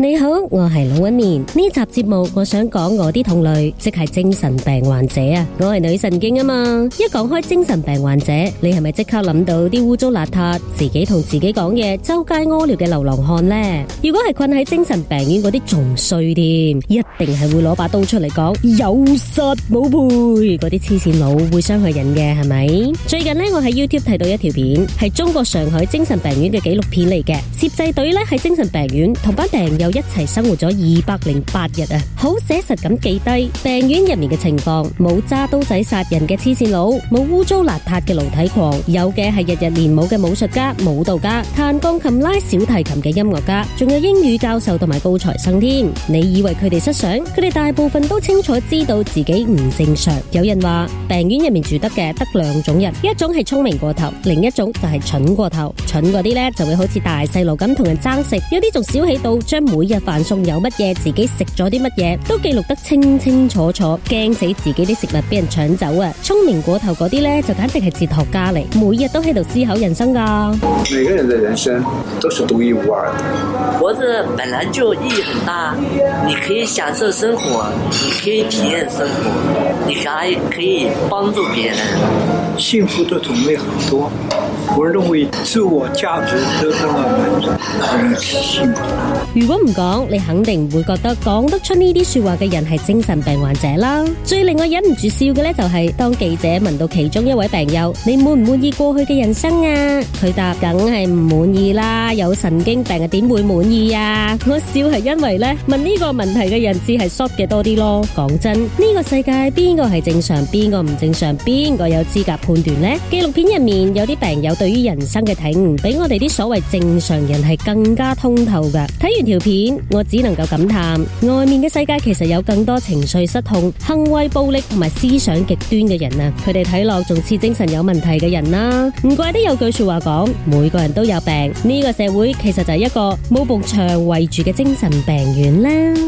你好，我係龍紋敏。呢集節目我想講我啲同類，即係精神病患者啊！我係女神經啊嘛，一講開精神病患者，你係咪即刻諗到啲污糟邋遢、自己同自己講嘢、周街屙尿嘅流浪漢呢？如果係困喺精神病院嗰啲仲衰添，一定係會攞把刀出嚟講有殺冇賠，嗰啲黐線佬會傷害人嘅係咪？最近呢，我喺 YouTube 睇到一條片，係中國上海精神病院嘅紀錄片嚟嘅。攝製隊咧喺精神病院同班病友一齊生活咗二百零八日啊，好寫實咁記低病院入面嘅情況，冇揸刀仔殺人嘅黐線佬，冇污糟邋遢嘅露體狂，有嘅係日日練武嘅武術家、舞蹈家，彈鋼琴拉、拉小提琴嘅音樂家，仲有英語教授同埋高材生添。你以為佢哋失常？佢哋大部分都清楚知道自己唔正常。有人話病院入面住得嘅得兩種人，一種係聰明過頭，另一種就係蠢過頭。蠢嗰啲呢，就會好似大細。留咁同人爭食，有啲仲小氣到將每日飯餸有乜嘢、自己食咗啲乜嘢都記錄得清清楚楚，驚死自己啲食物俾人搶走啊！聰明過頭嗰啲咧，就簡直係哲學家嚟，每日都喺度思考人生噶。每個人的人生都是獨一無二的，活着本來就意義很大。你可以享受生活，你可以體驗生活，你還可以幫助別人。幸福的種類很多，我認為自我價值得到了滿足，感到幸福。如果唔講，你肯定會覺得講得出呢啲說話嘅人係精神病患者啦。最令我忍唔住笑嘅呢，就係當記者問到其中一位病友：你滿唔滿意過去嘅人生啊？佢答：梗係唔滿意啦，有神經病嘅點會滿意啊？我笑係因為呢，問呢個問題嘅人，只係 short 嘅多啲咯。講真，呢個世界邊個係正常，邊個唔正常，邊個有資格？判斷呢，紀錄片入面有啲病友對於人生嘅體悟，比我哋啲所謂正常人係更加通透噶。睇完條片，我只能夠感嘆，外面嘅世界其實有更多情緒失控、行為暴力同埋思想極端嘅人啊。佢哋睇落仲似精神有問題嘅人啦。唔怪得有句說話講，每個人都有病。呢個社會其實就係一個冇幕牆圍住嘅精神病院啦。